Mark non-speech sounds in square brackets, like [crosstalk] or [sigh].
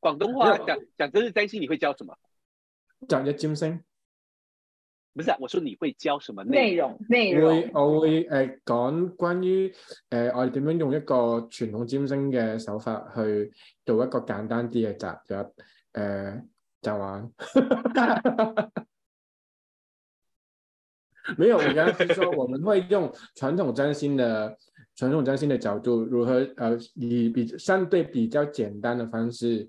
廣東話講講，真是擔心你會教什麼？雜日占星？不是、啊，我說你會教什麼內容？內容，內容？我會，我會誒講關於誒、呃，我哋點樣用一個傳統占星嘅手法去做一個簡單啲嘅雜日？誒、呃，講完？ [laughs] [laughs] 沒有，我剛才說我們會用傳統占星的、傳 [laughs] 統占星的角度，如何？誒、呃，以比相對比較簡單的方式。